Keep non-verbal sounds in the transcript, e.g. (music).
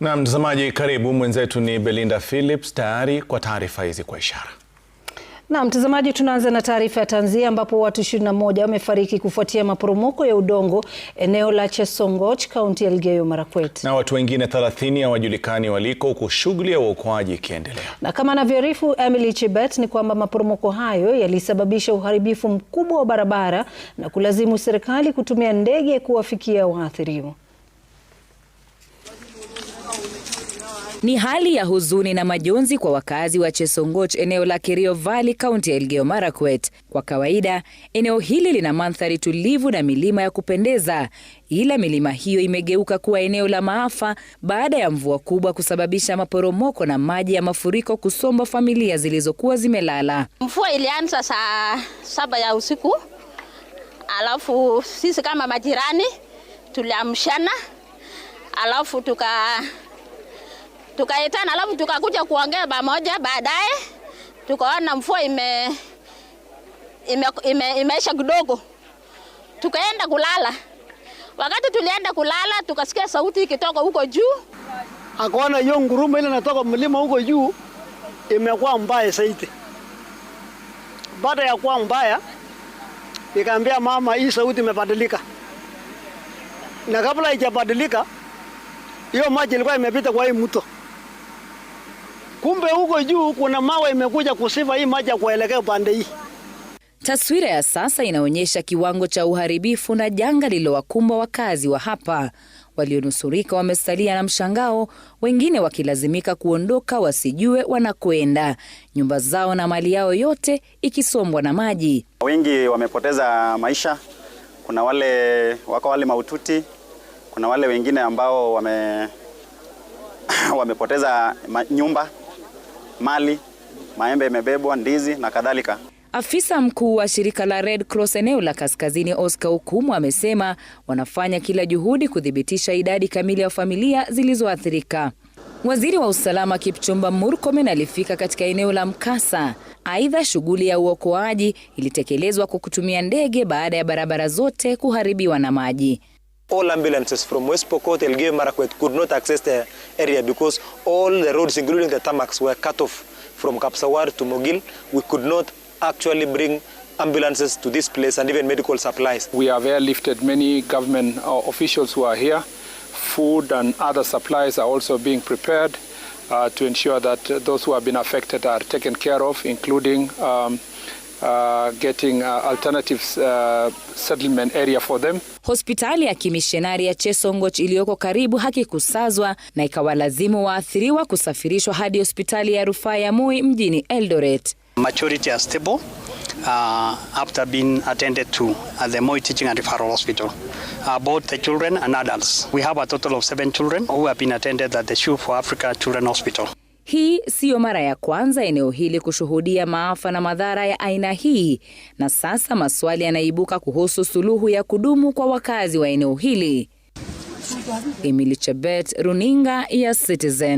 Na mtazamaji, karibu mwenzetu ni Belinda Phillips tayari kwa taarifa hizi kwa ishara. Na mtazamaji, tunaanza na taarifa ya tanzia ambapo watu 21 wamefariki kufuatia maporomoko ya udongo eneo la Chesongoch, kaunti ya Elgeyo Marakwet, na watu wengine 30 hawajulikani waliko, huku shughuli ya uokoaji ikiendelea. Na kama anavyoarifu Emily Chebet ni kwamba maporomoko hayo yalisababisha uharibifu mkubwa wa barabara na kulazimu serikali kutumia ndege kuwafikia waathiriwa. Ni hali ya huzuni na majonzi kwa wakazi wa Chesongoch, eneo la Kerio Valley, kaunti ya Elgeyo Marakwet. Kwa kawaida eneo hili lina mandhari tulivu na milima ya kupendeza, ila milima hiyo imegeuka kuwa eneo la maafa baada ya mvua kubwa kusababisha maporomoko na maji ya mafuriko kusomba familia zilizokuwa zimelala. Mvua ilianza saa saba ya usiku, alafu sisi kama majirani tuliamshana, alafu tuka tukaitana, alafu tukakuja kuongea pamoja. Baadaye tukaona mvua ime, ime, ime, imeisha kidogo, tukaenda kulala. Wakati tulienda kulala, tukasikia sauti ikitoka huko juu, akaona hiyo ngurumo ile inatoka mlima huko juu imekuwa mbaya saiti. Baada ya kuwa mbaya, nikaambia mama, hii sauti imebadilika, na kabla haijabadilika hiyo maji ilikuwa imepita kwa hii mto. Kumbe huko juu kuna mawe imekuja kusiva hii maji ya kuelekea upande hii. Taswira ya sasa inaonyesha kiwango cha uharibifu na janga lililowakumba wakazi wa hapa. Walionusurika wamesalia na mshangao, wengine wakilazimika kuondoka wasijue wanakwenda, nyumba zao na mali yao yote ikisombwa na maji. Wengi wamepoteza maisha, kuna wale wako wale maututi kuna wale wengine ambao wame, (laughs) wamepoteza nyumba mali, maembe yamebebwa, ndizi na kadhalika. Afisa mkuu wa shirika la Red Cross eneo la Kaskazini, Oscar ukumu amesema wanafanya kila juhudi kuthibitisha idadi kamili ya familia zilizoathirika. Waziri wa usalama Kipchumba Murkomen alifika katika eneo la mkasa. Aidha, shughuli ya uokoaji ilitekelezwa kwa kutumia ndege baada ya barabara zote kuharibiwa na maji. all ambulances from West Pokot, Elgeyo Marakwet could not access the area because all the roads, including the tarmacs, were cut off from Kapsawar to Mogil. We could not actually bring ambulances to this place and even medical supplies. We have airlifted many government uh, officials who are here. Food and other supplies are also being prepared uh, to ensure that those who have been affected are taken care of, including um, Uh, getting, uh, alternative, uh, settlement area for them. Hospitali ya kimishenari ya Chesongoch iliyoko karibu hakikusazwa na ikawalazimu waathiriwa kusafirishwa hadi hospitali ya rufaa ya Moi mjini Eldoret. are stable, uh, after being attended to at the Moi Teaching and Referral Hospital. Uh, both the children and adults. We have a total of seven children who have been attended at the for Africa Children Hospital. Hii siyo mara ya kwanza eneo hili kushuhudia maafa na madhara ya aina hii, na sasa maswali yanaibuka kuhusu suluhu ya kudumu kwa wakazi wa eneo hili. Emily Chebet, runinga ya Citizen.